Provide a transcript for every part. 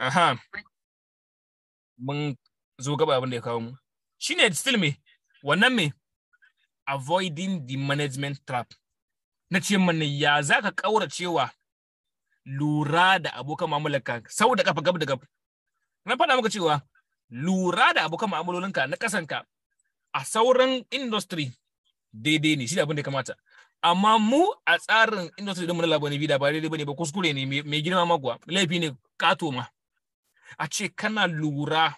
aha mun zo gaba abin da ya kawo mu ne still me wannan me avoiding the management trap na ce mana ya za ka ƙaura cewa lura da abokan mu'amalarka sau da kafa gab da gab na faɗa maka cewa lura da abokan mu'amalolinka na ƙasanka a sauran industry daidai ne shi da abin da kamata amma mu a tsarin industry din mu na labarai da ba daidai ba ne ba kuskure ne mai girma maguwa laifi ne kato ma a ce kana lura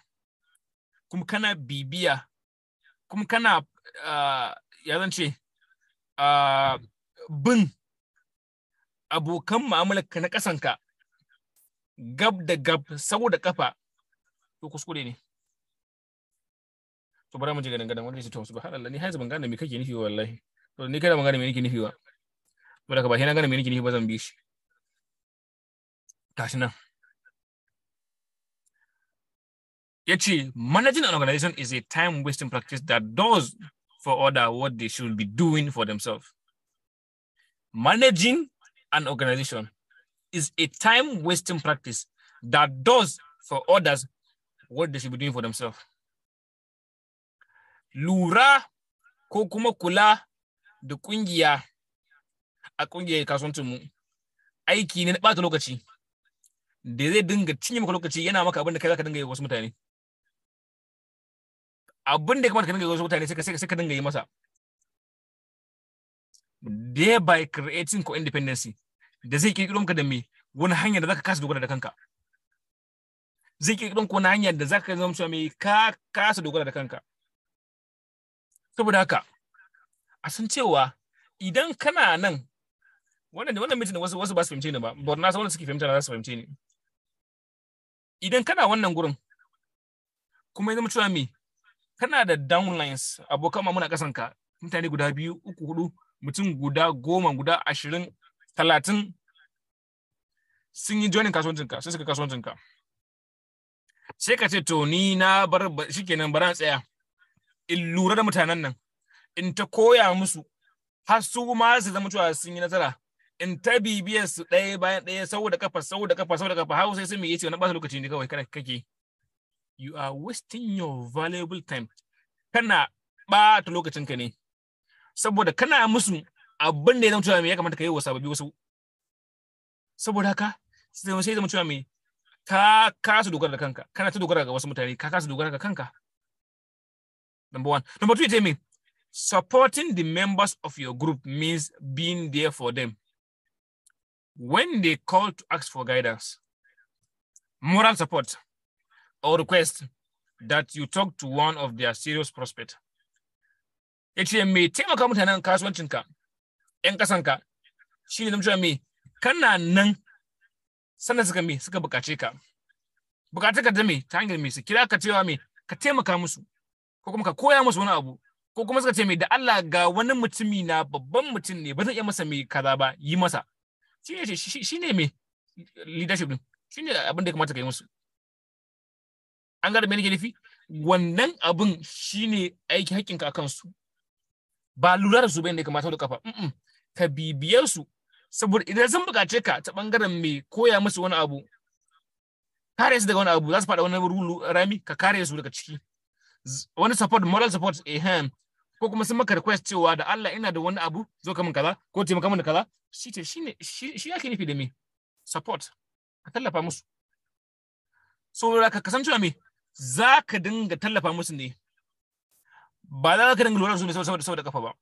kuma kana bibiya kuma kana uh, ya zan ce uh, bin abokan mu'amalarka na ƙasanka gab da gab saboda kafa to kuskure ne to bari mu ji ganin dangane wanda ya ce to subhanallah ni haizu ban gane me kake nufi wallahi to ni kada ban gane me nake nufi ba saboda ka ba shi na gane me nake nufi ba zan bi shi tashi nan Actually, managing an organization is a time wasting practice that does for other what they should be doing for themselves. Managing an organization is a time wasting practice that does for others what they should be doing for themselves. Lura ko kuma kula da kungiya a kungiyar kasuwancinmu aiki ne na ɓata lokaci da zai dinga cinye maka lokaci yana maka abin da kai zaka dinga yi wasu mutane. abin da kamata ka dinga wasu mutane sai ka dinga yi masa by creating ko independency da zai kirkiro maka da me wani hanya da zaka kasa dogara da kanka zai kirkiro maka wani hanya da zaka zama cewa me ka kasa dogara da kanka saboda haka a san cewa idan kana nan wannan wannan mitin wasu wasu ba su fahimce ni ba ba na san wanda suke fahimta na za su fahimce ni idan kana wannan gurin kuma ya zama cewa me kana da downlines abokan muna kasan ka mutane guda biyu uku hudu mutum guda goma guda ashirin talatin sun yi joinin kasuwancinka sai suka kasuwancinka sai ka ce to ni na bar shikenan bara tsaya in lura da mutanen nan in ta koya musu har su ma su zama cewa sun yi nasara in ta bibiyar su ɗaya bayan ɗaya saboda kafa saboda kafa saboda kafa har sai sun mai yace wani ba lokaci ne kawai kana kake you are wasting your valuable time kana ɓata lokacinka ne saboda kana musu abin da ya zama cewa me ya kamata ka yi wa sababbi wasu saboda haka sai sai zama cewa me ka kasa dogara da kanka kana ta dogara ga wasu mutane ka kasa dogara ga kanka number one number two me supporting the members of your group means being there for them when they call to ask for guidance moral support or request that you talk to one of their serious prospect. Ya ce, me taimaka mutanen kasuwancinka, ‘yan ƙasanka, shi ne cewa me, kana nan sannan suka me suka bukace ka. Buƙatar ka da me ta hanyar me su kira ka cewa me ka taimaka musu, ko kuma ka koya musu wani abu, ko kuma suka ce me da Allah ga wani mutumi na babban mutum ne ba zan iya masa me kaza ba yi masa. Shi ne me leadership din, shi abin da ya kamata ka yi musu. an gane me nake nufi wannan abin shine aiki hakkin ka kansu su ba lura da su bane da kamata da kafa ka bibiyar su saboda idan sun bukace ka ta bangaren mai koya musu wani abu kare su daga wani abu za su fada wani rami ka kare su daga ciki wani support moral support ehem ko kuma sun maka request cewa da Allah ina da wani abu zo ka min kaza ko taimaka min kaza shi ce shine shi yake nufi da me support ka tallafa musu so ka kasancewa me za ka dinga tallafa musu ne ba za ka dinga lura su ne saboda kafa ba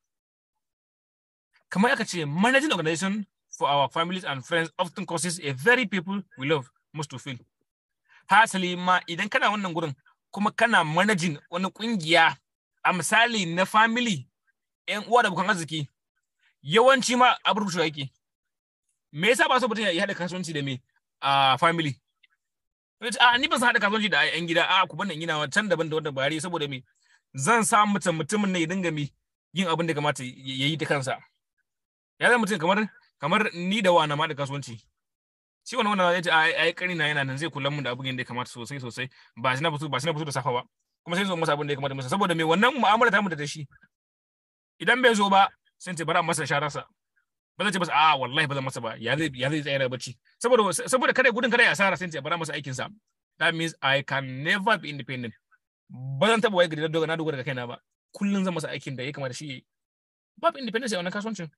kamar aka ce managing organization for our families and friends often causes a very people we love must to feel hasali ma idan kana wannan gurin kuma kana managing wani kungiya a misali na family yan uwa da bukan arziki yawanci ma abubuwa yake me yasa ba so mutum ya haɗa kasuwanci da me a family a ah, ni ban san haɗa kasuwanci da yan gida a ah, ku bannan yana can daban da wanda bari saboda me zan sa mutum mutumin ne ya dinga mi yin abin da kamata ya yi ta kansa ya zama mutum kamar kamar ni da wa na ma da kasuwanci shi wani wani zai ce a ah, yi ƙari na yana nan zai kula mun da abin da ya kamata sosai sosai ba shi na fito ba shi na fito da safa ba kuma sai zo masa abin da ya kamata masa saboda me wannan mu'amala ta mu da shi idan bai zo ba sai ce a masa sa. ba zai ce masa a ah, wallahi ba zan masa ba ya zai ya zai tsaya da bacci saboda saboda kada gudun kada ya asara sai ya bara masa aikin sa that means i can never be independent ba zan taba wai gari na dogara da kaina ba kullun zan masa aikin da ya kamata shi babu independence a wannan kasuwancin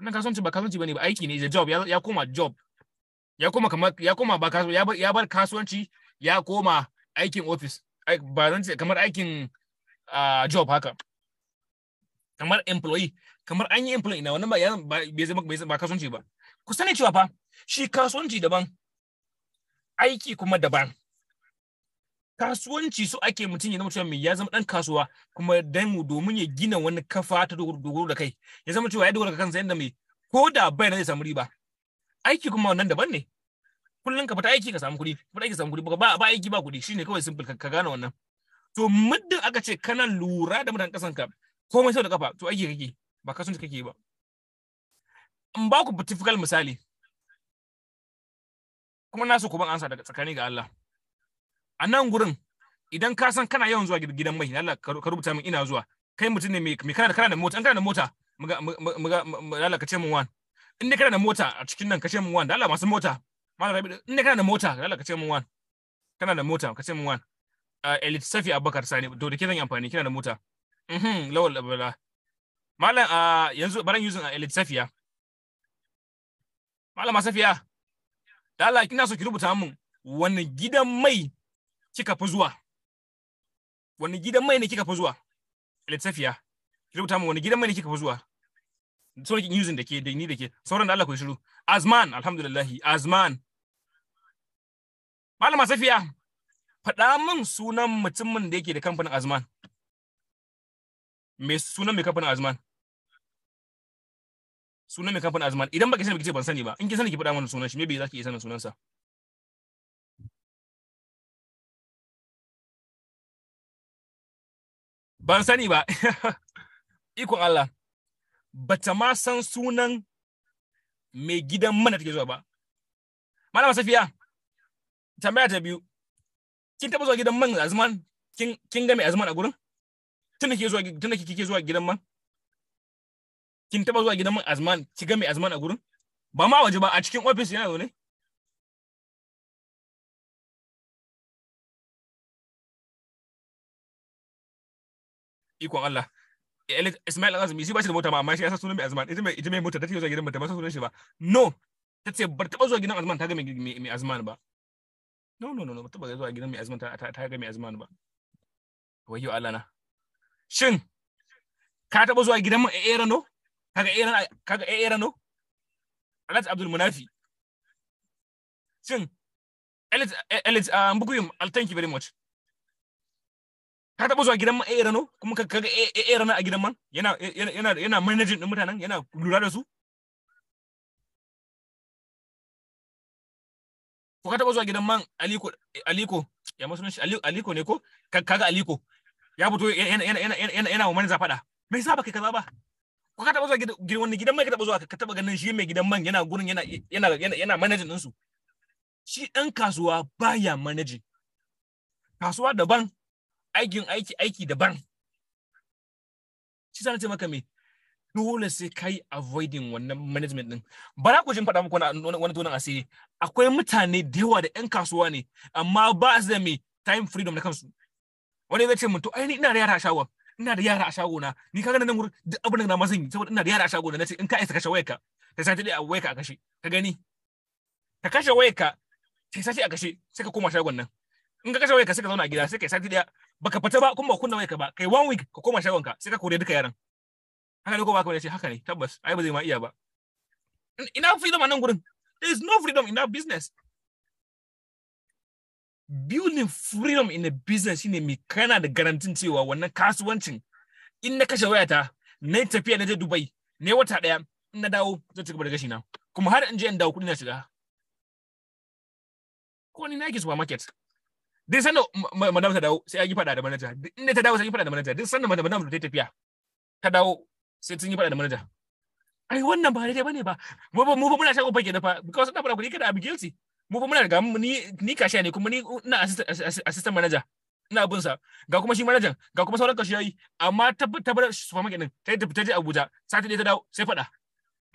wannan kasuwanci ba kasuwanci bane ba aiki ne job ya koma job ya koma kamar ya koma ba kasuwanci ya bar kasuwanci ya koma aikin office ba zan ce kamar aikin ah, job haka kamar employee kamar an yi implant ina wannan ba bai zama ba kasuwanci ba ku sani cewa fa shi kasuwanci daban aiki kuma daban kasuwanci so ake mutum ya zama cewa mai ya zama dan kasuwa kuma dan mu domin ya gina wani kafa ta dogoro da kai ya zama cewa ya dogara da kansa yadda mai ko da bai na zai samu riba aiki kuma wannan daban ne kullum ka fita aiki ka samu kuɗi fita aiki ka samu kuɗi ba ba aiki ba kuɗi shine kawai simple ka gane wannan to muddin aka ce kana lura da mutan kasan ka komai sau da kafa to aiki kake ba kasuwanci kake yi ba in ba ku typical misali kuma na so ku ban ansa daga tsakani ga Allah a nan gurin idan ka san kana yawan zuwa gidan mai Allah ka rubuta min ina zuwa kai mutum ne mai kana da kana da mota an kana da mota muga muga Allah ka ce min wan in dai kana da mota a cikin nan ka ce min wan da Allah masu mota malam rabi in dai kana da mota Allah ka ce min wan kana da mota ka ce min wan ah, elite safi abubakar sani to da ke zan yi amfani kina da mota mhm lawal abala malam a ah, yanzu baran yuzin a ah, elite safiya Malam safiya da Allah kina so ki rubuta min wani gidan mai kika fi zuwa wani gidan mai ne kika fi zuwa elite safiya ki rubuta min wani gidan mai ne kika fi zuwa Sauran kin yuzin da ke da ni da ke sauran da Allah ku shiru azman alhamdulillah azman Malam safiya faɗa min sunan mutumin da yake da kamfanin azman me sunan mai kamfanin azman sunan mai kamfanin azman idan baki sani baki ce ban sani ba in kin sani ki faɗa mana sunan shi me bai zaki iya sanin sunansa ban sani ba ikon Allah bata ma san sunan mai gidan mana take zuwa ba malama safiya tambaya ta biyu kin taba zuwa gidan man azman kin kin ga mai azman a gurin tunda kike zuwa tunda kike zuwa gidan man kin taba zuwa gidan man azman ki ga mai azman a gurin ba ma waje ba a cikin office yana zaune ikon Allah Ismail Azmi shi ba shi da mota ba amma shi ya sa sunan mai Azman ita mai ita mai mota ta zuwa gidan mata ba sa sunan shi ba no ta bar taba zuwa gidan Azman ta ga mai Azman ba no no no ba ta zuwa gidan mai Azman ta ga mai Azman ba wayyo Allah na Shin, ka taɓa zuwa gidan mu a Erano? Kaga Erano? Kaga Erano? Alhaji Abdul Munafi. Shin, Alex, Alex, um, thank you very much. Ka taɓa zuwa gidan man a Erano? Kuma ka kaga Erano a gidan man? Yana, yana, yana managing din mutanen? Yana lura da su? Ko ka taɓa zuwa gidan man Aliko, Aliko, ya masu Aliko ne ko? Kaga Aliko, ya fito yana yana wa manaja faɗa me yasa baka kaza ba ko ka taba zuwa gidan wani gidan mai ka taba zuwa ka taba ganin shi mai gidan man yana gurin yana yana yana, manajin din su shi dan kasuwa baya manaji kasuwa daban aikin aiki aiki daban shi sanace maka me dole sai ka yi avoiding wannan management din bara ku jin fada muku wani tunan asiri akwai mutane da yawa da 'yan kasuwa ne amma ba su da me time freedom na kansu wani zai ce mutu to ai ni ina da yara a shagon ina da yara a shago na ni kaga nan wurin duk abin da na ma yi saboda ina da yara a shago na nace in ka isa kashe wayarka ta sace dai a wayarka a kashe ka gani ka kashe wayarka ta sace a kashe sai ka koma shagon nan in ka kashe wayarka sai ka zauna a gida sai ka sace dai baka fita ba kuma ba kunna wayarka ba kai one week ka koma shagon ka sai ka kore duka yaran haka ne ko baka ce haka ne tabbas ai ba zai ma iya ba ina freedom a nan gurin there is no freedom in that business building freedom in a business shine mai kana da garantin cewa wannan kasuwancin in na kashe wayata na yi tafiya na je Dubai ne wata daya in na dawo zai ci gaba da gashi na kuma har in je in dawo kudi na shiga ko ni na yake supermarket din sanda madam ta dawo sai a yi fada da manaja in ta dawo sai a yi fada da manaja din sanda madam ta tafiya ta dawo sai sun yi fada da manaja ai wannan ba daidai bane ba mu ba mu ba muna shago fage da fa because na fara kuɗi kada abi guilty mu fa muna riga ni ni kashiya ne kuma ni ina assistant manager ina bin sa ga kuma shi manajan ga kuma sauran yayi amma ta ta bar supermarket din ta tafi ta je Abuja sai ta dawo sai faɗa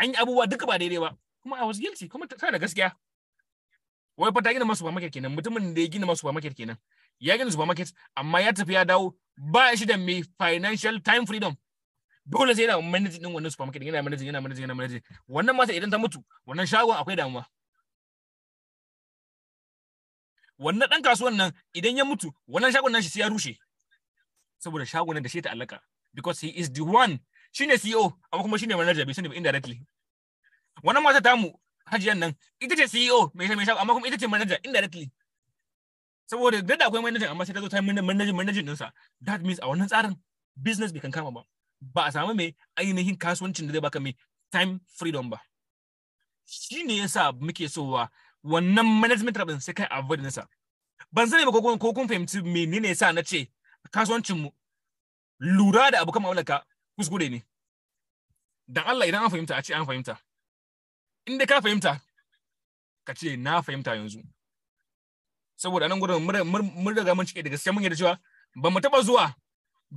an yi abubuwa duka ba daidai ba kuma a was guilty kuma ta da gaskiya wai fa ta gina masu supermarket kenan mutumin da ya gina masu supermarket kenan ya gina supermarket amma ya tafi ya dawo ba shi da mai financial time freedom dole sai yana manajin din wannan supermarket yana manajin yana manajin yana manajin wannan sai idan ta mutu wannan shagon akwai damuwa wannan ɗan kasuwan nan idan ya mutu wannan shagon nan shi sai ya rushe saboda shagon nan da shi ta alaka because he is the one shine CEO amma kuma shine manager bai sani ba indirectly wannan mata tamu hajiyan nan ita ce CEO mai mai shagon amma kuma ita ce manager indirectly saboda da da akwai manager amma sai ta zo ta yi manager manager ɗinsa that means a wannan tsarin business bai kan kama ba ba a samu mai ainihin kasuwancin da zai baka mai time freedom ba shi ne yasa muke sowa wannan management rabin sai kai avoid nasa ban sani ba ko kun fahimci menene yasa na ce kasuwancin mu lura da abokan mu'amalarka kuskure ne dan Allah idan an fahimta a ce an fahimta in ka fahimta ka ce na fahimta yanzu saboda nan gudun mun riga mun cike da gaskiya mun yarda cewa ban mu taba zuwa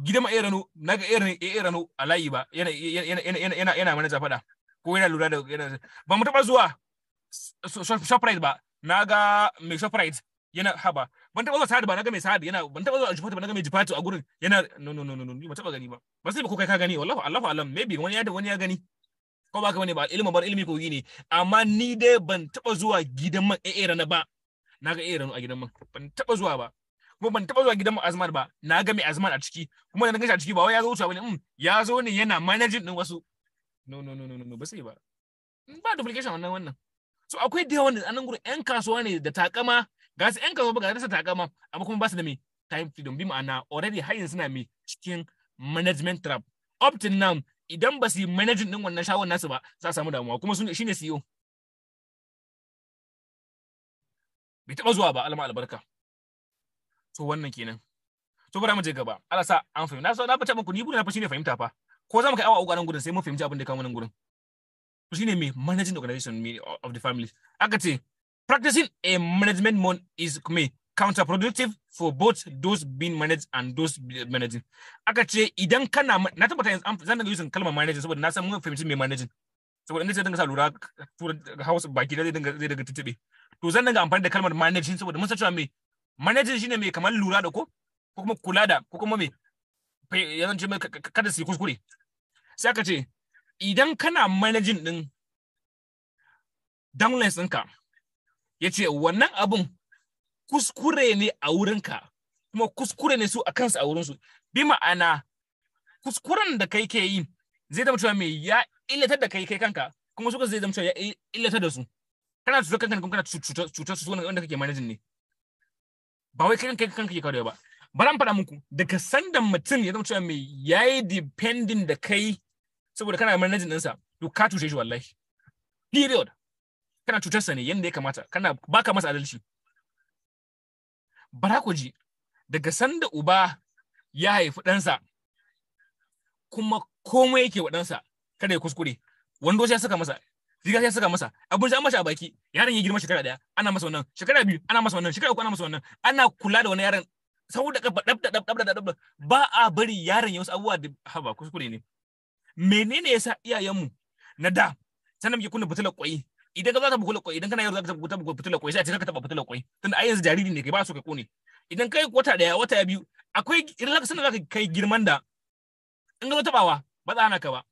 gidan ma rano na ga irin a layi ba yana yana yana yana yana manaja fada ko yana lura da yana Ban mu taba zuwa surprise ba na ga mai surprise yana haba ban taba zuwa sahadu ba na ga mai sahadu yana ban taba zuwa jifatu ba na ga mai jifatu a gurin yana no no no no ba taba gani ba ba sai ba ko kai ka gani wallahi Allahu alam maybe wani ya da wani ya gani ko ba ka bane ba ilimi bar ilimi ko gini amma ni dai ban taba zuwa gidan man eh rana ba na ga eh rana a gidan man ban taba zuwa ba kuma ban taba zuwa gidan man azman ba na ga mai azman a ciki kuma na ga shi a ciki ba wai ya zo wuce bane um ya zo ne yana managing din wasu no no no no no ba sai ba mm, ba duplication wannan wannan so akwai da wanda anan gurin yan kasuwa ne da takama ga su yan kasuwa ba ga rasa takama amma kuma ba su da me time freedom bi ma'ana already har yanzu suna me cikin management trap up to now idan ba su yi managing din wannan shawon nasu ba za su samu damuwa kuma sun shine CEO bai taba zuwa ba alma albarka to wannan kenan to bara mu je gaba Allah sa an fahimta na so na fata muku ni buri na fa shine fahimta fa ko za mu kai awa uku nan gurin sai mun fahimci abin da kawo nan gurin to see me managing organization me, of the family aka ce practicing a management mode is me counterproductive for both those being managed and those managing aka ce idan kana na tabbata yanzu zan daga using kalmar managing saboda na san mun fahimci me managing saboda inda zai dinga sa lura house baki da zai dinga zai dinga tuntube to zan dinga amfani da kalmar managing saboda mun san cewa me managing shine mai kamar lura da ko ko kuma kula da ko kuma mai yanzu ce kada su yi kuskure sai aka ce idan kana managing din downlines ɗinka ya ce wannan abin kuskure ne a wurinka kuma kuskure ne su a kansu a wurinsu bi ma'ana kuskuren da kai ke yi zai zama cewa mai ya illatar da kai kai kanka kuma suka zai zama cewa ya illatar da su kana cutar kanka kuma kana cutar su wanda kake manajin ne ba wai kai kanka ke kawai ba bari an faɗa muku daga sanda mutum ya zama cewa mai yi depending da kai saboda kana manajin ɗinsa to ka cuce shi wallahi period kana cutarsa ne yadda ya kamata kana baka masa adalci bara ku ji daga sanda uba ya haifi ɗansa kuma komai yake wa ɗansa kada ya kuskure wando sai saka masa riga sai saka masa abun sai an masa a baki yaron ya girma shekara daya ana masa wannan shekara biyu ana masa wannan shekara uku ana masa wannan ana kula da wani yaron saboda ka dab da dab da dab ba a bari yaron ya wasu abubuwa da haba kuskure ne menene yasa iyayenmu na da sanan muke kunna fitilar kwai idan ka za ka bukula kwai idan kana yau za ka taɓa fitilar kwai sai a ce ka taɓa fitilar kwai tunda ai yanzu jariri ne kai ba su kai kone idan kai wata daya wata biyu akwai idan ka sanar ka kai girman da in ka zo tabawa ba za hana ka ba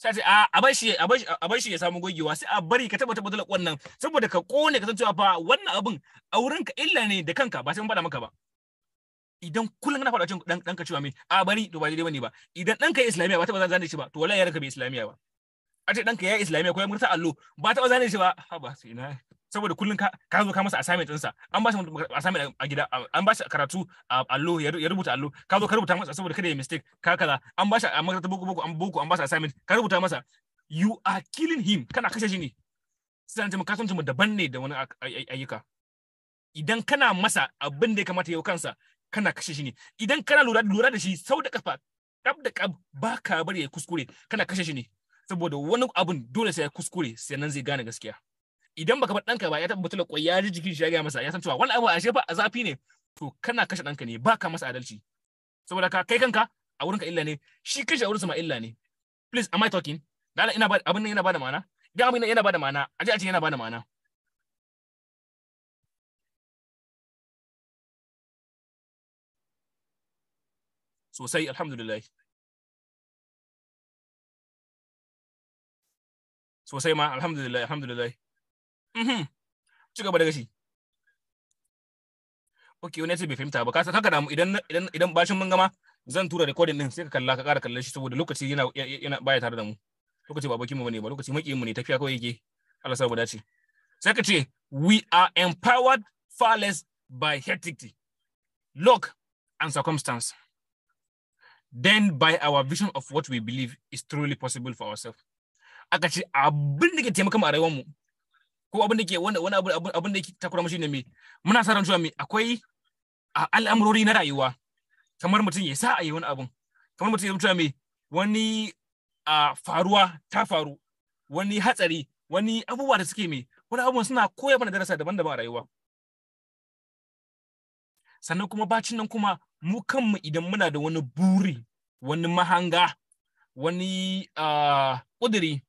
sai a ce ah, a bar shi a bar shi ya samu gogewa sai a bari ka taɓa taɓa fitilar saboda ka kone ka san cewa fa wannan abin a wurin ka illa ne da kanka ba sai mun faɗa maka ba idan kullum na faɗa dan ɗanka cewa me a bari to ba daidai bane ba idan ɗanka ya islamiya ba ta ba zan zane shi ba to wallahi ya raka bai islamiya ba a ce ɗanka ya islamiya ko ya murta allo ba ta ba zane shi ba ha ba sai na saboda kullum ka ka zo ka masa assignment ɗinsa an ba shi assignment a gida an ba shi karatu a allo ya rubuta allo ka zo ka rubuta masa saboda kada ya mistake ka kaza an ba shi a makarantar boko boko an boko an ba shi assignment ka rubuta masa you are killing him kana kashe shi ne sai an ka san daban ne da wani ayyuka idan kana masa abin da ya kamata ya kansa kana kashe shi ne idan kana lura lura da shi sau da kafa kaf da kaf ba ka bari ya kuskure kana kashe shi ne saboda wani abun dole sai ya kuskure sannan zai gane gaskiya idan baka bar ɗanka ba ya taɓa mutuwa kwai ya ji jikin shi ya gaya masa ya san cewa wani abu a shefa a zafi ne to kana kashe ɗanka ne ba ka masa adalci saboda ka kai kanka a ka illa ne shi kashe a sa ma illa ne please am i talking dala ina ba abin nan yana ba da ma'ana idan abin nan yana ba da ma'ana aje a ce yana ba da ma'ana sosai alhamdulillah sosai ma alhamdulillah alhamdulillah mhm ci gaba da gashi ok wani yace bai fahimta ba ka san haka damu idan idan idan bashin mun gama zan tura recording din sai ka kalla ka kara kallon shi saboda lokaci yana yana baya tare da mu lokaci ba bakin mu bane ba lokaci makiyin mu ne tafiya kawai yake Allah sa dace sai ka ce we are empowered far less by heredity luck and circumstance then by our vision of what we believe is truly possible for ourselves. Aka ce abin da ke taimaka mu a rayuwarmu ko abin da ke wani abin da ke takura mu shine me muna sa ran cewa me akwai al'amurori na rayuwa kamar mutum ya sa a yi wani abun kamar mutum ya mutuwa me wani faruwa ta faru wani hatsari wani abubuwa da suke me wani abubuwan suna koya mana darasa daban-daban a rayuwa sannan kuma bacin nan kuma mu kanmu idan muna da wani buri wani mahanga wani ah, ƙuduri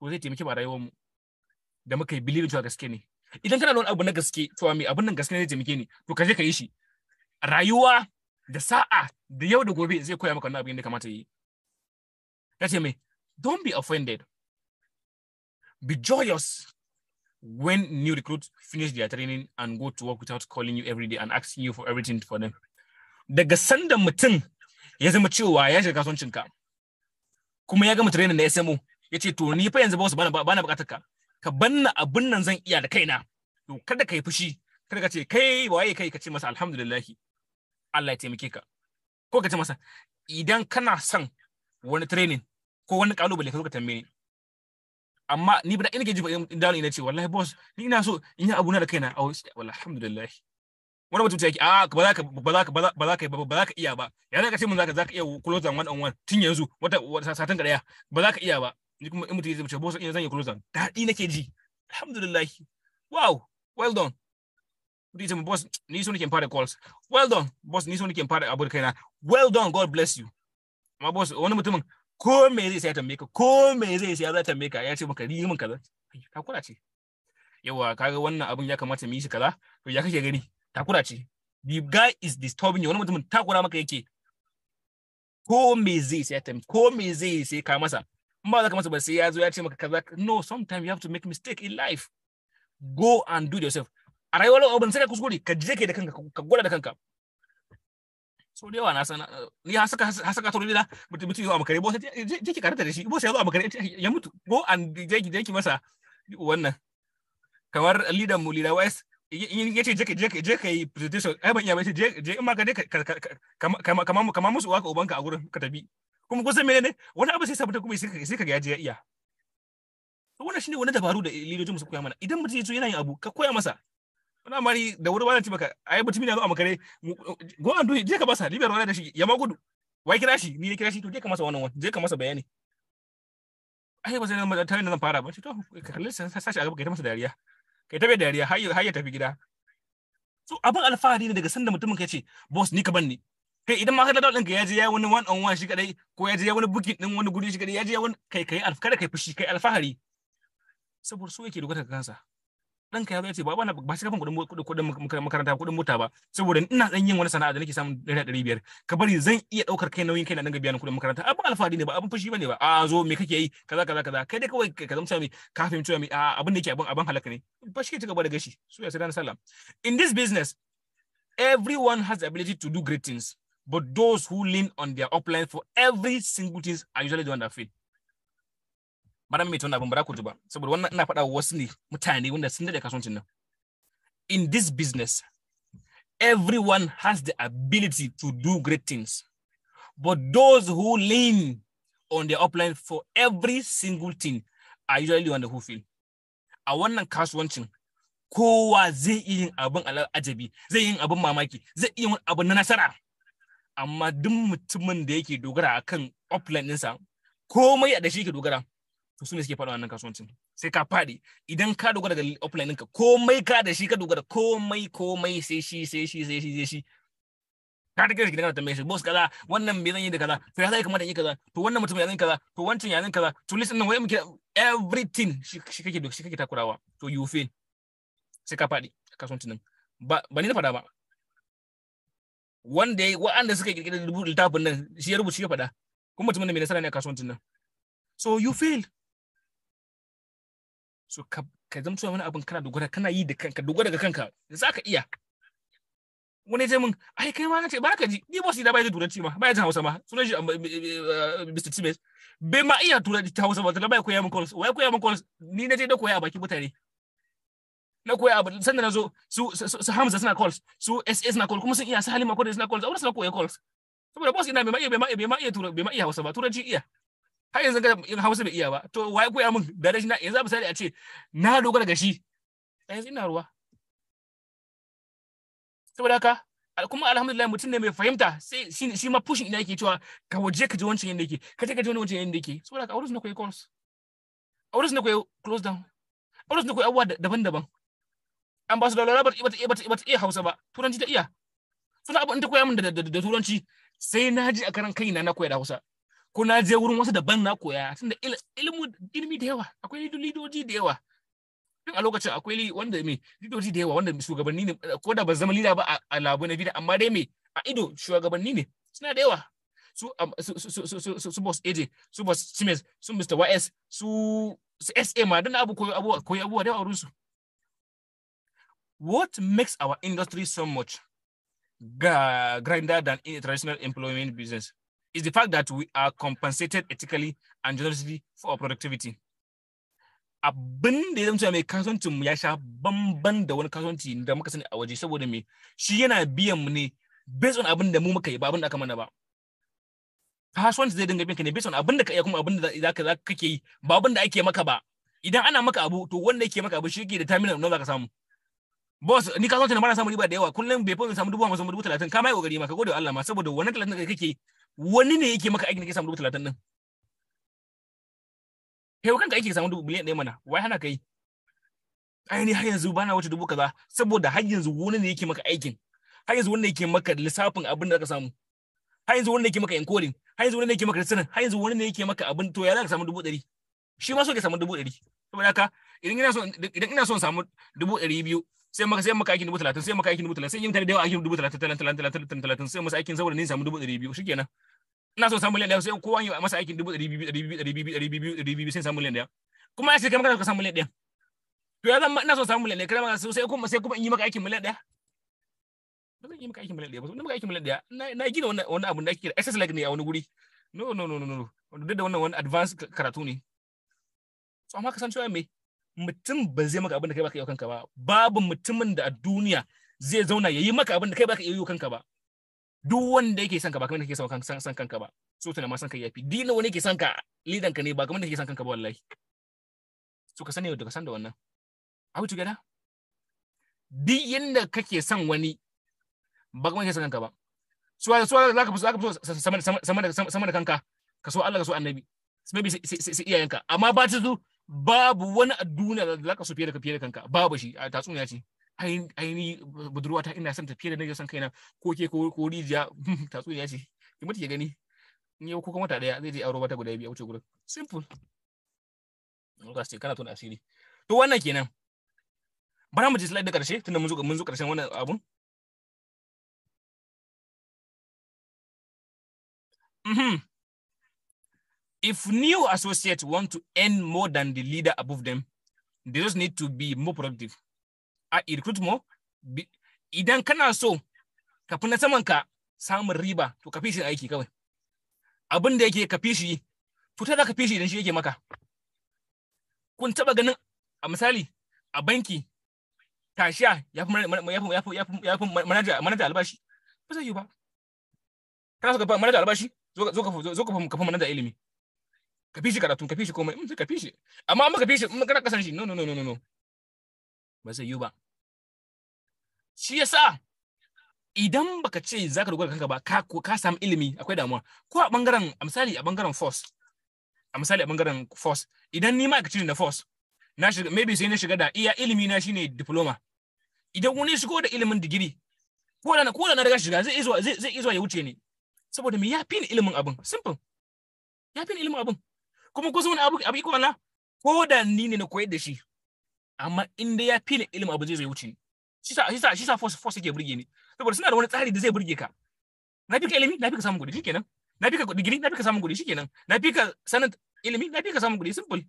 to zai taimaki ba rayuwarmu da muka yi bilibin cewa gaske ne idan kana da wani abu na gaske cewa mai abin nan gaske ne zai taimake ni to ka je ka yi shi rayuwa da sa'a da yau da gobe zai koya maka wani abin da kamata yi ya ce mai don't be offended be joyous when new recruits finish their training and go to work without calling you every day and asking you for everything for them daga sanda mutum ya zama cewa ya shiga kasuwancinka kuma ya gama training na SMO ya ce to ni fa yanzu boss bana bana bukatar ka ka banna abin nan zan iya da kaina to kada ka fushi kada ka ce kai waye kai ka ce masa alhamdulillah Allah ya taimake ka ko ka ce masa idan kana son wani training ko wani kalubale ka zo ka tambaye ni amma ni ba ina ke ji ba in ina ce wallahi boss ni ina so in yi abu na da kaina alhamdulillah wani mutum ta yake a ba za ka ba za ka ba za ka ba za ka iya ba ya za ka ce mun za ka za ka iya close one on one tun yanzu wata satin daya ba za ka iya ba ni kuma in mutum ya ce bosa ina zan yi close down na nake ji alhamdulillah wow well done mutum ya ce boss ni so nake fara calls well done boss ni so nake fara abu kaina well done god bless you amma boss wani mutumin ko me zai sai tambaye ka ko me zai sai za tambaye ka ya ce maka ri mun kaza ka kula ce yawa kaga wannan abin ya kamata mu yi shi kaza to ya kake gani takura ce the guy is disturbing you wani mutumin takura maka yake ko me zai sai ta ko me zai sai ka masa in ba za ka masa ba sai ya zo ya ce maka kaza no sometimes you have to make mistake in life go and do it yourself a rayuwar abin sai ka kuskure ka je da kanka ka gwada da kanka so da yawa na san ni har saka har saka turu da mutum mutum a makare bosa je ki karanta da shi bosa ya zo a makare ya mutu go and je ki je ki masa wannan kamar leader mu leader wise ya ce je ka yi presentation ai ban iya ba ce je in ma ka dai kamar musu uwa ka ubanka a gurin ka tabi kuma kusan mene ne wani abu sai sabuta kuma sai ka ga ya iya wannan shine wani dabaru da lidojin su koya mana idan mutum ya zo yana yin abu ka koya masa wani amari da wuri wani ce maka ai mutum yana zo a makare go an duhi je ka masa libiyar wani da shi ya ma gudu wai kira shi ni ne kira shi to je ka masa wannan wani je ka masa bayani ai ba sai nan ta yadda zan fara ba to ka kalli sashi a gaba ka ta masa dariya kai ta dariya har ya tafi gida so abin alfahari ne daga sanda mutumin kai ce boss ni ka ban ni kai idan ma ka dawo ɗinka ya je ya wani one on one shi kadai ko ya je wani bukin din wani guri shi kadai ya je ya wani kai kai alfahari kai fushi kai alfahari saboda so yake dogara kansa ɗanka ya zo ya ce ba kafin kuɗin makaranta kuɗin mota ba saboda ina yin wani sana'a da nake samun naira ɗari biyar ka bari zan iya ɗaukar kai nauyin kai na dinga biyan kuɗin makaranta abin alfahari ne ba abin fushi bane ba a zo me kake yi kaza kaza kaza kai dai kawai ka zama mai ka fahimci mai a abin da yake abin abin halaka ne ba shi ci gaba da gashi su ya sallam in this business everyone has the ability to do great things but those who lean on their upline for every single thing are usually the one that fail mai ba saboda wannan ina faɗa wasu ne mutane wanda sun kasuwancin nan in this business everyone has the ability to do great things but those who lean on the upline for every single thing are usually on the who fail a wannan kasuwancin kowa zai iya yin abin al'ajabi zai yin abin mamaki zai iya yin abin na nasara amma duk mutumin da yake dogara akan upline ɗinsa komai a da shi yake dogara to su ne suke faɗa wannan kasuwancin sai ka faɗi idan ka dogara daga offline ɗinka komai ka da shi ka dogara komai komai sai shi sai shi sai shi sai shi ka ta kira gidan ta mai shi boss kaza wannan me zan yi da kaza to ya sai kamata in yi kaza to wannan mutum ya zan kaza to wancan ya zan kaza to listen nan wai muke everything shi kake shi kake takurawa to you fail sai ka faɗi kasuwancin nan ba ba ni na faɗa ba wanda ya wa'anda suka kirkira littafin nan shi ya rubuta shi ya faɗa kuma mutumin da mai nasara ne a kasuwancin nan so you fail so ka ka zamto wani abin kana dogara kana yi da kanka dogara ga kanka da zaka iya wani ya mun ai kai ma ce ba ji ni boss da bai da turanci ma bai da Hausa ma sunan shi um, um, um, Mr. Times bai ma iya turanci ta Hausa ba da bai koya min calls wai koya min calls ni na je da koya a baki mutane na koya abu san na zo su su Hamza suna calls su SS na calls kuma sun iya su Halima ko da suna calls aure suna koya calls saboda boss ina bai ma iya bai ma iya bai ma iya Hausa ba turanci iya har yanzu ga in hausa bai iya ba to wai koya mun da rashin na yanzu misali a ce na dogara ga shi yanzu ina ruwa saboda haka kuma alhamdulillah mutum ne mai fahimta sai shi ma pushing ina yake cewa ka waje ka ji wancan yanda yake ka je ka ji wancan yanda yake saboda haka aure suna koyi course aure suna koyi close down aure suna koyi abubuwa daban-daban an ba su da larabar ba ta iya hausa ba turanci ta iya suna abu in ta koya min da turanci sai na ji a karan kaina na koya da hausa ko na je wurin wasu daban na koya tunda ilimi da yawa akwai lidoji da yawa tun a lokacin akwai wanda mai lidoji da yawa wanda shugabanni ne ko da ba zama lida ba a labu na vida amma dai mai a ido shugabanni ne suna da yawa su um, su boss AJ su boss Chimes su Mr YS su SA ma dan abu koyo abuwa koyo abuwa da wurin su what makes our industry so much grinder than in traditional employment business is the fact that we are compensated ethically and generously for our productivity. Abin da ya zama mai kasuwancin ya sha bamban da wani kasuwanci da muka sani a waje saboda me shi yana biyan mu ne based on abin da mu muka yi ba abin da aka mana ba. Kasuwanci zai dinga biyan ka ne based on abin da ka iya kuma abin da za ka kake yi ba abin da ake maka ba. Idan ana maka abu to wanda yake maka abu shi ke da terminal nawa za ka samu. boss ni kasuwancin zo tana bana samu riba da yawa kullum bai fara samu dubu hamsin dubu talatin ka mai kokari ka gode Allah ma saboda wannan talatin da kake wani ne yake maka aikin da ke samu dubu talatin nan kai kanka aiki ka samu dubu miliyan ɗaya mana wai hana kai Ainihin har yanzu bana wuce dubu kaza saboda har yanzu wani ne yake maka aikin har yanzu wani ne yake maka lissafin abin da ka samu har yanzu wani ne yake maka encoding har yanzu wani ne yake maka listening har yanzu wani ne yake maka abin to ya za ka samu dubu ɗari shi ma so ke samu dubu ɗari saboda haka idan ina idan ina so in samu dubu ɗari biyu sai maka sai maka aikin dubu talatin sai maka aikin dubu talatin sai yin tare da yawa aikin dubu talatin talatin talatin talatin talatin sai masa aikin saboda ni samu dubu ɗari biyu shikenan ina so samu miliyan sai kowa yi masa aikin dubu ɗari biyu ɗari biyu ɗari biyu ɗari biyu ɗari biyu sai samu miliyan ɗaya kuma ya ce kai maka ka samu miliyan ɗaya to ya zama ina so samu miliyan ɗaya kai maka sai kuma sai kuma in yi maka aikin miliyan ɗaya ba zan yi maka aikin miliyan ɗaya ba zan maka aikin miliyan ɗaya na gina wannan wannan abun da ake kira SS lag ne a wani guri no no no no no duk da wannan wani advanced karatu ne so amma ka san cewa me mutum ba zai maka abin da kai baka yi kanka ba babu mutumin da a duniya zai zauna yayi maka abin da kai baka yi kanka ba duk wanda yake son ka ba kamar yake son kanka son kanka ba so tana ma son kai yafi dina wani yake son ka lidan ka ne ba kamar yake son kanka ba wallahi so ka sani da ka san da wannan abu we together duk yanda kake son wani ba kamar yake son kanka ba so so za ka za ka sama da sama da kanka ka so Allah ka so annabi maybe sai iyayenka amma ba ta zu babu wani a duniya da zaka so fiye da fiye da kanka babu shi a tatsuniya ce aini budurwa ta ina son ta fiye da nake son kaina ko ke ko rijiya tatsuniya ce ki mutu ke gani in yau ko kuma ta daya zai je aro ta guda biyu a wuce gurin simple Lucas ce kana tona asiri to wannan kenan bara mu ji slide da karshe tunda mun zo mun zo karshen wannan abun mhm If new associates want to earn more than the leader above them, they just need to be more productive. A recruit more. Idan kana so kafin na saman ka samun riba to ka shi aiki kawai. Abin da yake ka shi to ta da ka shi idan shi yake maka. Kun taba ganin a misali a banki tashiya ya fi manaja albashi ba zai yi ba. Kana so ka manaja albashi zo ka fi manaja ilimi. ka karatu ka fi komai in ka fi amma amma ka fi kana kasar shi no no no no no ba zai yiwu ba shi yasa idan baka ce za ka dogara kanka ba ka ka samu ilimi akwai damuwa ko a bangaren a misali a bangaren force a misali a bangaren force idan ni ma ne na force na shiga maybe sai na shiga da iya ilimi na shine diploma idan wani shigo da ilimin digiri ko da ko da na riga shiga zai izo zai zai ya wuce ni saboda me ya fi ni ilimin abin simple ya fi ni ilimin abin kuma kusa wani abu abu iko ko da ni ne na koyar da shi amma in dai ya fi ni ilimin abu zai zai wuce shi sa shi sa shi sa force force yake burge ni saboda suna da wani tsari da zai burge ka na fi ka ilimi na fi ka samun kuɗi shikenan na fi ka digiri na fi ka samun kuɗi shikenan na fi ka sanin ilimi na fi ka samun kuɗi simple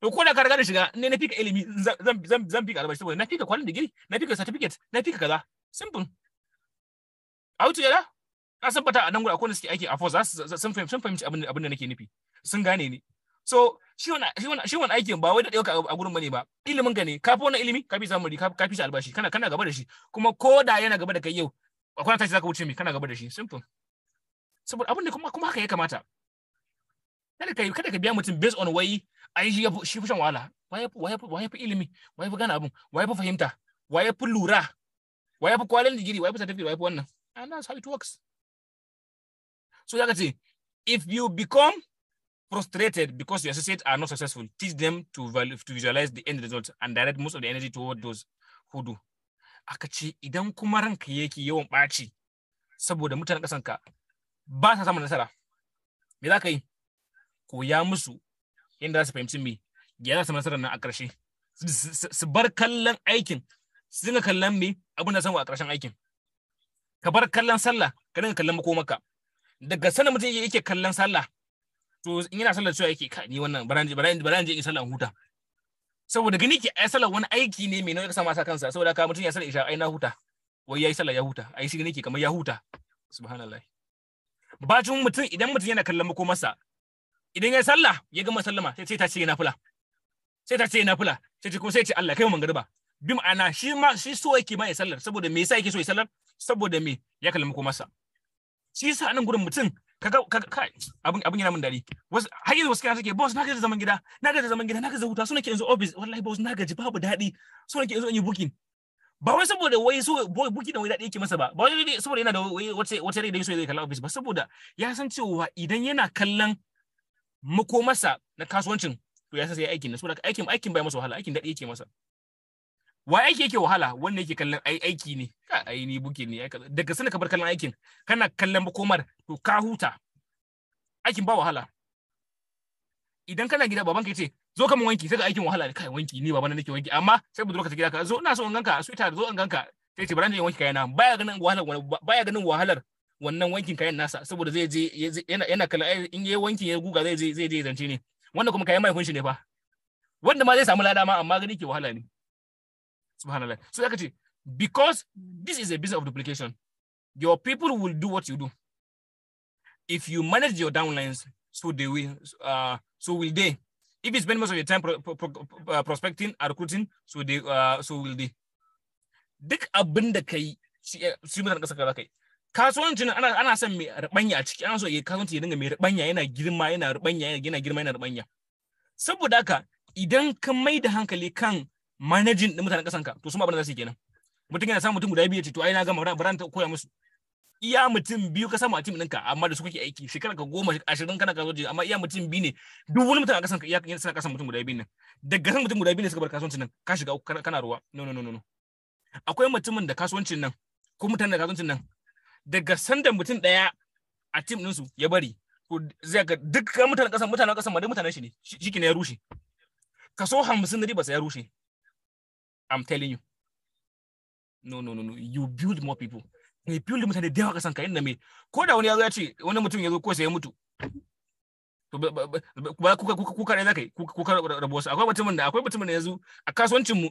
to ko da ka riga da shiga ne na fi ka ilimi zan zan zan fi ka albashi saboda na fi ka kwalin digiri na fi ka certificate na fi ka kaza simple a wuce da? ka sabbata a nan gura akwai wanda suke aiki a force sun fahimci abin da nake nufi sun gane ni so shi wani aikin ba wai da ɗauka a gurin bane ba ilimin ka ne ka fi wannan ilimi ka fi samun ka fi albashi kana kana gaba da shi kuma ko da yana gaba da kai yau akwai tashi zaka wuce mai kana gaba da shi simple saboda abin da kuma kuma haka ya kamata kada ka kada ka biya mutum based on wai ai shi shi fi shan wahala waye waye waye fi ilimi waye fi gane abin waye fi fahimta waye fi lura waye fi kwalin digiri waye fi certificate waye fi wannan and that's how it works so zaka ce if you become frustrated because your associates are not successful, teach them to, value, to visualize the end result and direct most of the energy toward those who do. Aka ce idan kuma ranka yake yawan ɓaci saboda mutanen ƙasanka ba sa samun nasara, me za ka yi? Koya musu yadda za su fahimci me ya za su samu nasarar nan a ƙarshe. Su bar kallon aikin, su dinga kallon me abin da samu a ƙarshen aikin. Ka bar kallon sallah, ka dinga kallon makomaka. Daga sanin mutum yake kallon sallah, to in yana sallar cewa yake kai ni wannan baran je baran je in sallar huta saboda gani ke ai sallar wani aiki ne mai nauyi ka sama sa kansa saboda ka mutum ya sallar isha ai na huta wai yayi sallar ya huta ai shi gani ke kamar ya huta subhanallah bacin mutum idan mutum yana kallon makomarsa idan ya sallah ya gama sallama sai ta ce na fula sai ta ce na fula sai ta kuma sai ce Allah kai mu mangariba bi ma'ana shi ma shi so yake ma ya sallar saboda me yasa yake so ya sallar saboda me ya kallon makomarsa shi yasa nan gurin mutum Ka kaga ka abin abin yana min dadi wasu har yanzu wasu kana suke boss na gaji zaman gida na gaji zaman gida na gaji huta suna ke yanzu office wallahi boss na gaji babu dadi suna ke yanzu in yi booking ba wai saboda wai so boy booking da wai dadi yake masa ba ba wai saboda yana da wace wace rai da yaso zai kalla office ba saboda ya san cewa idan yana kallon makomarsa na kasuwancin to ya san sai aikin ne saboda aikin aikin bai masa wahala aikin dadi yake masa wa aiki yake wahala wanda yake kallon ai aiki ne ka ai ni buke ne daga sanin ka bar kallon aikin kana kallon makomar to ka huta aikin ba wahala idan kana gida babanka ya ce zo ka mun wanki sai ga aikin wahala ne kai wanki ni baban nake wanki amma sai budurka ta gida ka zo ina so in ganka su ita zo in ganka sai ce bari in wanki kayana baya ganin wahalar baya ganin wahalar wannan wankin kayan nasa saboda zai je yana yana kala in yayi wankin ya guga zai je zai je zance ne wanda kuma kayan mai kunshi ne fa wanda ma zai samu lada ma amma gani ke wahala ne Subhanallah. So actually, because this is a business of duplication, your people will do what you do. If you manage your downlines, so they will, uh, so will they. If you spend most of your time pro pro pro uh, prospecting and recruiting, so they, uh, so will they. Duk abin da kai eh, shi mutanen ƙasar ka kai. Kasuwancin ana ana son mai rubanya a ciki, ana so ya kasuwanci ya dinga mai rubanya yana girma yana rubanya yana girma yana rubanya. Saboda haka idan ka mai da hankali kan managing din mutanen kasanka to su ma abin da za su yi kenan mutum yana samun mutum guda biyu ya ce to ai na gama bara ta koya musu iya mutum biyu ka samu a tim ɗinka amma da su kuke aiki shekara ka goma ashirin kana ka zo amma iya mutum biyu ne duk wani mutum a kasan iya suna kasan mutum guda biyu nan daga san mutum guda biyu ne suka bar kasuwancin nan ka shiga kana ruwa no no no no akwai mutumin da kasuwancin nan ko mutanen da kasuwancin nan daga san da mutum ɗaya a tim ɗinsu ya bari to zai ga dukkan mutanen kasan mutanen kasan ma dai mutanen shi ne shi ne ya rushe kaso hamsin na sai ya rushe I'm telling you. No, no, no, no. You build more people. Ka build mutane da yawa ka san ka inda me. Ko da wani ya ya ce wani mutum ya zo ko sai ya mutu. To ba kuka kuka kuka ne za ka kuka rabu wasu. Akwai mutumin da akwai mutumin da ya zo a kasuwancin mu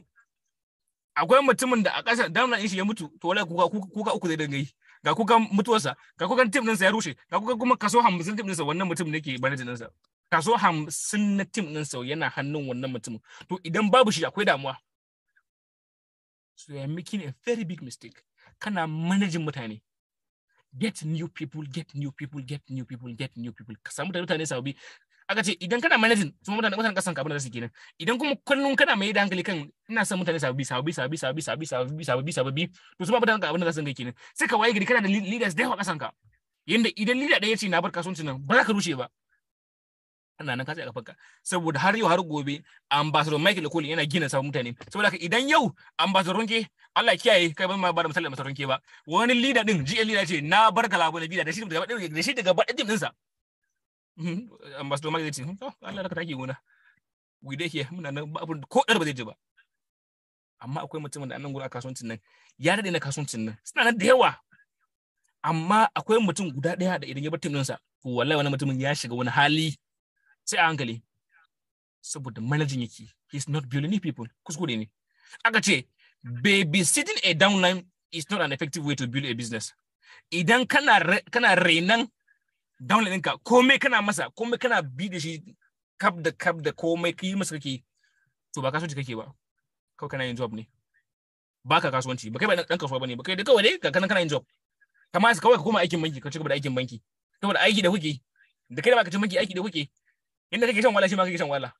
akwai mutumin da a ƙasa damna in shi ya mutu to wala kuka kuka uku zai dinga yi ga kukan mutuwarsa ga kukan tim ɗinsa ya rushe ga kuka kuma kaso hamsin tim ɗinsa wannan mutum ne ke banajin ɗinsa kaso hamsin na tim ɗinsa yana hannun wannan mutumin to idan babu shi akwai damuwa So you are making a very big mistake. Kana managing mutane. Get new people, get new people, get new people, get new people. Ka samu mutane mutane sababbi. Aka ce idan kana managing, su mutane mutane kasan kabin da su kenan. Idan kuma kullum kana mai da hankali kan ina son mutane sababbi, sababbi, sababbi, sababbi, sababbi, sababbi, sababbi, to su ma mutane kabin da su kai kenan. Sai ka waye gari kana da leaders da yawa kasan ka. Yanda idan leader ɗaya ce na bar kasuwanci nan ba za ka rushe ba. ana nan kasa sai a kafarka saboda har yau har gobe ambassador Michael Okoli yana gina sabon mutane saboda haka idan yau ambassador Ronke Allah kiyaye kai ban ma ba da ambassador Ronke ba wani leader din GL leader ce na barka labu na bida da shi daga da shi daga baɗin din sa mhm. ambassador Michael ce oh, Allah raka take gona gude ke muna nan abun ko dar ba zai je ba amma akwai mutumin da annan gura kasuwancin nan ya dade na kasuwancin nan suna nan da yawa amma akwai mutum guda ɗaya da idan ya bar tim sa to wallahi wani mutumin ya shiga wani hali sai a hankali saboda managing yake is not building people kuskure ne aka ce babysitting a downline is not an effective way to build a business idan kana kana renan downline ɗinka komai kana masa komai kana bi da shi kaf da kap da komai ka yi masa kake to ba kasuwanci kake ba kawai kana yin job ne ba ka kasuwanci ba kai ba dan kasuwa ne ba kai da kawai dai kana kana yin job kamar kawai ka koma aikin banki ka cigaba da aikin banki saboda aiki da kuke da kai da baka cin banki aiki da kuke inda kake shan wahala shi ma kake shan wahala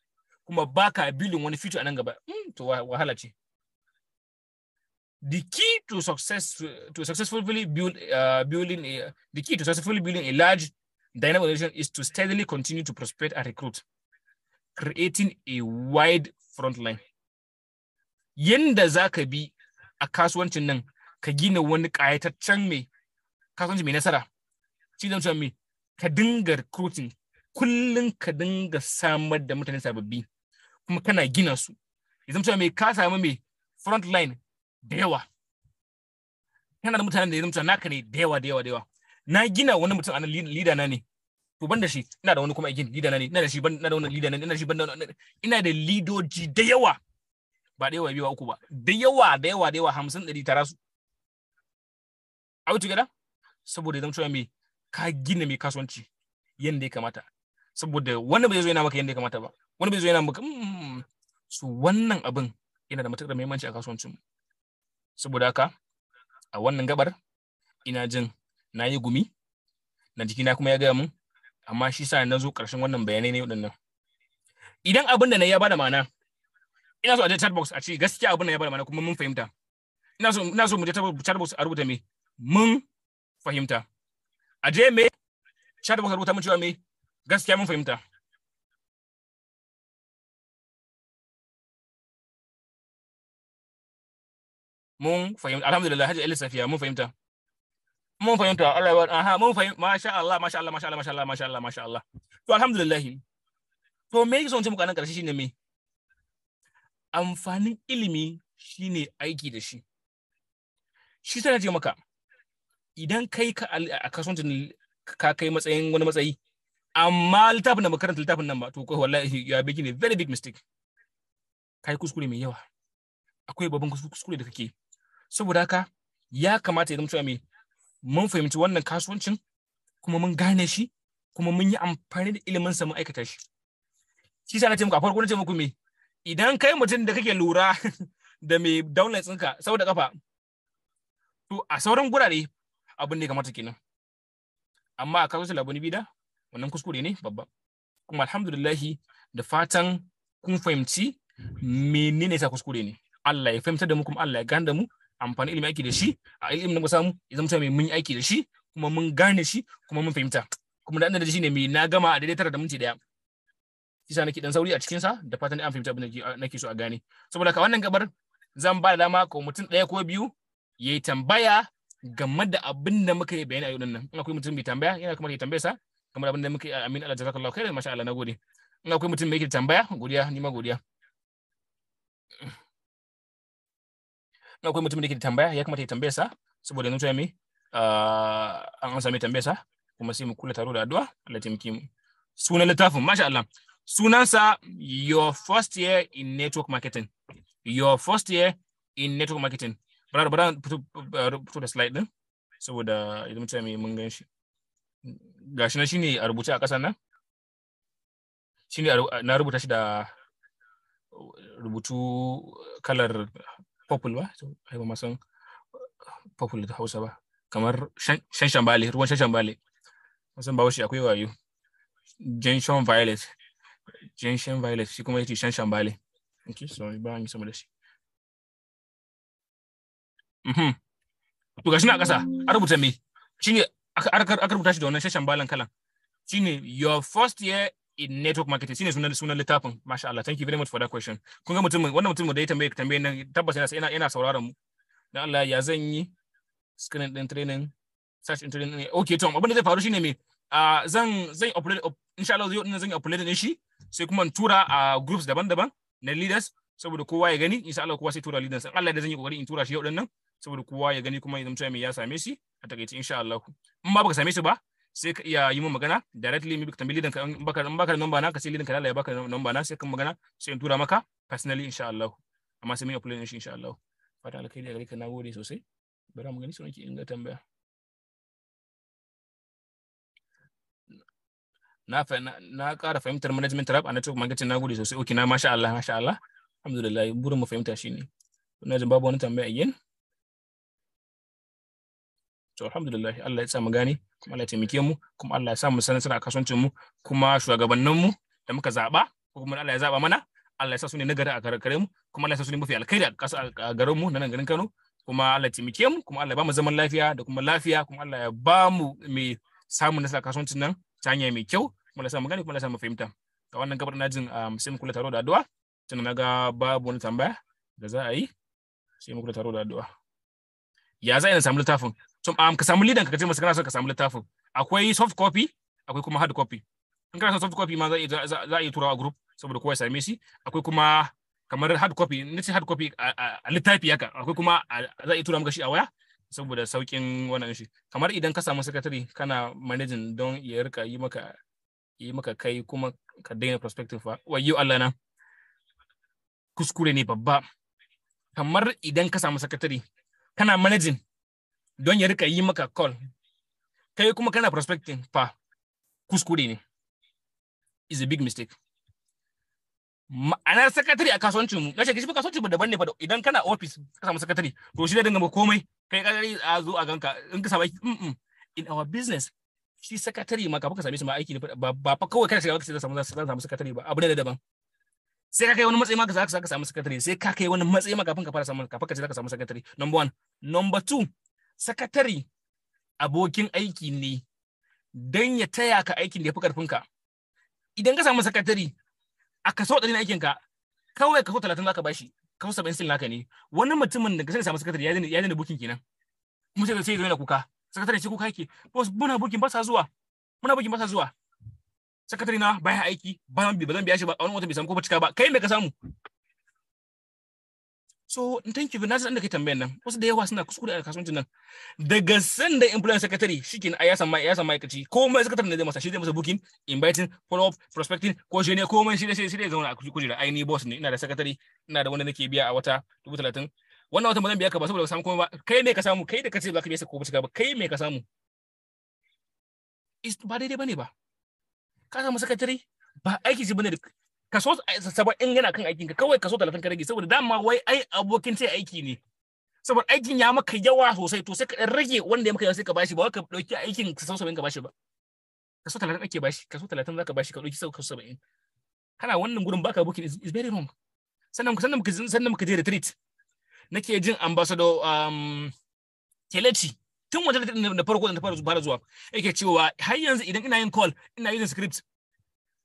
kuma baka bilin wani future a nan gaba hmm, to wahala ce the key to success to successfully build uh, building a, the key to successfully building a large dynamic organization is to steadily continue to prospect and recruit creating a wide front line yanda za ka bi a kasuwancin nan ka gina wani kayataccen mai kasuwanci mai nasara shi zan mai ka dinga recruiting kullum ka dinga samar da mutane sababbi kuma kana gina su idan cewa mai ka samu mai front line da yawa kana da mutanen da idan cewa naka ne da yawa da yawa da yawa na gina wani mutum anan leader na ne to ban da shi ina da wani kuma again leader na ne ina da shi ban da wani leader na ne ina da shi ban da ina da leadoji da yawa ba da yawa biyu uku ba da yawa da yawa da yawa hamsin ɗari tara su a wuce gada saboda idan cewa mai ka gina mai kasuwanci yadda ya kamata saboda wani bai zo yana maka yadda ya kamata ba wani bai zo yana maka mm, su wannan abin yana da matuƙar muhimmanci a kasuwancin mu saboda haka a wannan gabar ina jin na yi gumi na jikina kuma ya gaya mun amma shi sa na zo ƙarshen wannan bayanai ne waɗannan idan abin da na ya bada ma'ana ina so a je chat box a ce gaskiya abin da ya bada ma'ana kuma mun fahimta ina so ina so mu je chat box a rubuta me mun fahimta a je me chat box a rubuta mun cewa me gaskiya mun fahimta mun fahimta alhamdulillah hajji ali safiya mun fahimta mun fahimta Allah ya aha mun fahimta masha Allah masha Allah masha Allah masha Allah masha Allah masha Allah to alhamdulillah to me yake son ce muka nan karshe shine me amfanin ilimi shine aiki da shi shi sai na ce maka idan kai ka a kasuwancin ka kai matsayin wani matsayi amma littafin da makaranta littafin nan ba to kai wallahi ya biki ne very big mistake kai kuskure mai yawa akwai babban kuskure da kake saboda haka ya kamata idan mutum mai mun fahimci wannan kasuwancin kuma mun gane shi kuma mun yi amfani da ilimin sa mun aikata shi shi sa na ce muku a farko na ce muku me idan kai mutum da kake lura da mai daular tsinka sau kafa to a sauran gurare abin ne kamata kenan amma a kasuwancin labuni bida wannan kuskure ne babba kuma alhamdulillahi da fatan kun fahimci menene sa kuskure ne Allah ya fahimtar da mu kuma Allah ya gane da mu amfani ilimi aiki da shi a ilimin da mu samu ya zama mai mun aiki da shi kuma mun gane shi kuma mun fahimta kuma da da shi ne mai na gama a daidai tara da minti daya kisa nake dan sauri a cikin sa da fatan an fahimta abin da nake so a gane saboda ka wannan gabar zan ba da dama ko mutum daya ko biyu ya yi tambaya game da abin da muka yi bayani a yau nan in akwai mutum bai tambaya yana kuma ya tambaya sa kamar abin da muka yi amin Allah jazakallahu khairan masha Allah na gode in akwai mutum mai yake tambaya godiya ni ma godiya in akwai mutum da yake tambaya ya kamata ya tambaye sa saboda nan yanzu ah, mai an an sami tambaye sa kuma sai mu kula taro da addu'a Allah taimake mu sunan littafin masha Allah sunansa your first year in network marketing your first year in network marketing bara bara fito da slide din saboda idan mutum mutane mun gan shi gashi shi shine a rubuce a ƙasan nan shine na rubuta shi da rubutu kalar purple ba ai ba masan purple da Hausa ba kamar shan shambale ruwan shan shambale masan bawo shi akwai wayo jenshon violet jenshon violet shi kuma yace shan shambale okay so ba ni sama da shi mhm to gashi na ƙasa a rubuta me shine aka rubuta shi da wannan shashan balan kalan shine your first year in network marketing shine sunan sunan littafin masha Allah thank you very much for that question kun ga mutum wannan mutum da ya tambaye tambaye nan tabbas yana yana sauraron mu dan Allah ya zan yi screen din training search in training okay tom abin da zai faru shine me ah, zan zan upload insha Allah zai zan upload din shi sai kuma tura a groups daban-daban na leaders saboda kowa ya gani insha Allah kowa sai tura leaders Allah da zan yi kokari in tura shi yau din nan saboda kowa ya gani kuma ya zama mai ya same shi a takaice insha Allah in ba baka same shi ba sai ka iya yi min magana directly mi tambayi lidan ka in baka in baka number na ka sai lidan ka lalaya ya baka number na sai kan magana sai in tura maka personally insha Allah amma sai mun apply din shi insha Allah fata alkhairi gare ka nagode sosai bari mu gani sai ki inga tambaya na na ƙara fahimtar management rap a network marketing na gode sosai okay na masha Allah masha Allah alhamdulillah burin mu fahimta shine na jin babu wani tambaya again to alhamdulillah Allah ya sa mu gane kuma Allah ya taimake mu kuma Allah ya sa mu san nasara a kasuwancin mu kuma shugabannin mu da muka zaba kuma Allah ya zaba mana Allah ya sa su ne nagari a karkare mu kuma Allah ya sa su ne mafi alkhairi a garin mu na nan garin Kano kuma Allah ya taimake mu kuma Allah ya ba mu zaman lafiya da kuma lafiya kuma Allah ya ba mu mai samun nasara kasuwancin nan ta hanya mai kyau kuma Allah ya sa mu gane kuma Allah ya sa mu fahimta ga wannan gabar na jin sai mu kula taro da addu'a tun na ga babu wani tambaya da za a yi sai mu kula taro da addu'a ya za a yi na samu littafin Um, ka samu lidan ka ce masa kana so ka samu littafin akwai soft copy akwai kuma hard copy in kana son soft copy ma za a iya turawa group saboda kowa ya same shi akwai kuma kamar hard copy in ce hard copy a littafi haka akwai kuma za a iya tura maka shi a waya saboda saukin wannan shi kamar idan ka samu secretary kana managing don ya rika yi maka yi maka kai kuma ka daina perspective fa wayyo Allah na kuskure ne babba kamar idan ka samu secretary kana managing don ya rika yi maka call kai kuma kana prospecting fa kuskure ne is a big mistake ma'anar sakatari a kasuwancin mu gashi kishi kasuwancin mu daban ne fa idan kana office ka samu secretary to shi da dinga komai kai kadari a zo a ganka in ka samu aiki in our business shi sakatari ma kafin ka same shi ma aiki ne ba fa kawai kana shiga ka samu samu sakatari ba abu ne daban sai ka kai wani matsayi ma ka samu sakatari sai ka kai wani matsayi ma kafin ka fara samu kafin ka ce ka samu sakatari number one number two sakatare abokin aiki ne don ya taya ka aikin da ya fi karfinka idan ka samu sakatare a kaso ɗari na aikinka kawai kaso talatin zaka bashi kaso saba'in sil naka ne wani mutumin da ka sani samu sakatare ya dana bukin kenan Mun sai sai zo yana kuka sakatare sai kuka yake boss muna bukin ba sa zuwa muna bukin ba sa zuwa sakatare na baya aiki ba zan biya shi ba a wani wata bai samu ko ba cika ba kai me ka samu so in thank you na san da kai tambayar nan wasu da yawa suna kuskure a kasuwancin nan daga san da employer secretary shikin a ya samu ya samu aikaci komai secretary ne zai masa shi zai masa booking inviting follow up prospecting ko shi ne komai shi ne shi ne zauna a kujera ai ni boss ne ina da secretary ina da wanda nake biya a wata dubu wannan wata ba biya ka ba saboda samu komai ba kai me ka samu kai da kace ba ka biya sa ko ba kai me ka samu ba daidai bane ba ka samu secretary ba aiki shi bane kaso saba'in yana kan aikin ka kawai kaso talatin ka rage saboda dama wai ai abokin sai aiki ne saboda aikin ya maka yawa sosai to sai ka dan rage wanda ya maka yawa sai ka bashi ba wai ka dauki aikin kaso saba'in ka bashi ba kaso talatin ake bashi kaso talatin zaka bashi ka dauki sau kaso saba'in kana wannan gurin baka abokin is very wrong sannan sannan muka sannan muka je retreat nake jin ambassador um Kelechi tun wajen da farko da fara zuwa yake cewa har yanzu idan ina yin call ina yin script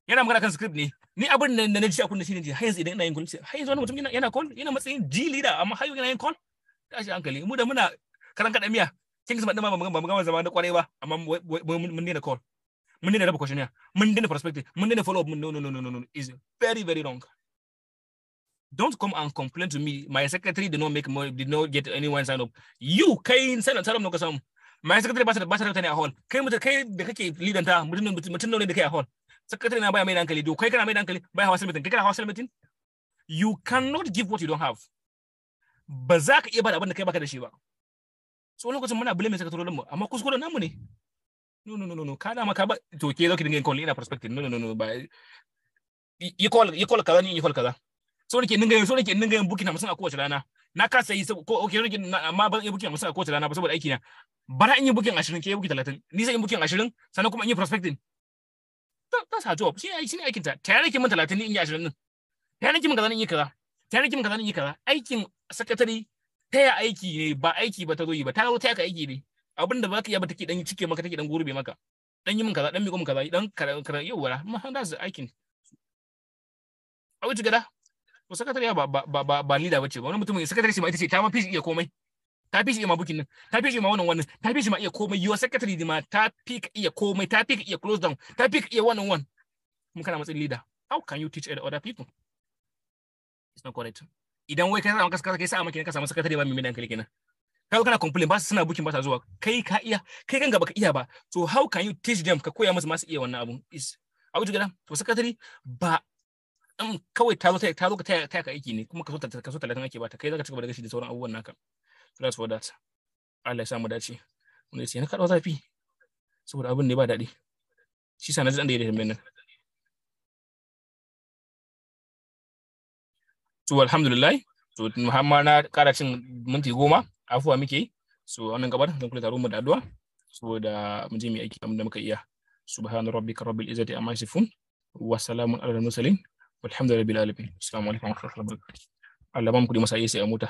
yana magana kan script ne ni abin da na ji a kunna shine har yanzu idan ina yin call har yanzu wani mutum yana yana call yana matsayin G leader amma har yana yin call tashi hankali mu da muna karan kada miya kings ba ba mu gama zama da kwarai ba amma mun dena call mun dena raba questionnaire mun dena perspective mun dena follow up no no no no no is very very wrong don't come and complain to me my secretary did not make money did not get anyone sign up you kai sign up sign no ka samu my secretary ba ta ba ta ne a hall kai mutum kai da kake leader ta mutum mutum ne da kai a hall secretary na baya mai hankali do kai kana mai hankali baya hawa meeting kai kana hawa meeting you cannot give what you don't have ba za ka iya bada abin da kai baka da shi ba so lokacin muna blame secretary mu amma kuskuren namu ne no no no no kana maka ba to ke ki dinga yin call ina perspective no no no no ba yi call yi call kaza ni yi call kaza so nake dinga yin so nake dinga yin booking hamsin a kowace rana na ka sayi ko okay nake amma ban yi booking hamsin a kowace rana ba saboda aiki na bara in yi booking 20 ke booking 30 ni sai in booking 20 sannan kuma in yi prospecting that's her job aikin ta ta min 30 in yi 20 din ta nake min kaza in yi kaza ta nake min kaza in yi kaza aikin sakatare taya aiki ne ba aiki ba ta zo yi ba ta zo taya ka aiki ne abin da baka yi ba take dan cike maka take dan gurbe maka dan yi min kaza dan miko min kaza dan karan yau wala ma handa da aikin a wuce gada ba ba ba ba bace shi ma ita ce ta ma fi iya komai ta fi shi ma bukin nan ta fi shi ma wannan wannan ta fi shi ma iya komai your secretary ma ta fi ka iya komai ta fi ka iya close down ta fi ka iya wannan one mun kana matsayin leader how can you teach other people it's not correct idan wai kai sa maka kai sa maka ka samu secretary ba mai mai dankali kenan kaga kana complain ba su suna bukin ba sa zuwa kai ka iya kai kan gaba ka iya ba so how can you teach them ka koya musu masu iya wannan abun is abu jigada to secretary ba kawai ta zo ta zo ka taya ka aiki ne kuma ka so ta ka so ta ake ba ta kai zaka gaba da gashi da sauran abubuwan naka that's for that Allah ya samu dace wanda ya ce na kaɗa zafi saboda abin ne ba daɗi shi sa na ji ɗan da ya da nan to alhamdulillah to muhamma na ƙara cin minti goma afuwa muke yi so wannan gabar zan kula taro mu da addu'a saboda mu je mu aiki da muka iya subhana rabbika rabbil izzati amma yasifun wa salamun ala al mursalin walhamdulillahi rabbil alamin assalamu alaikum wa rahmatullahi wa barakatuh Allah ba mu kudi masa sai a mota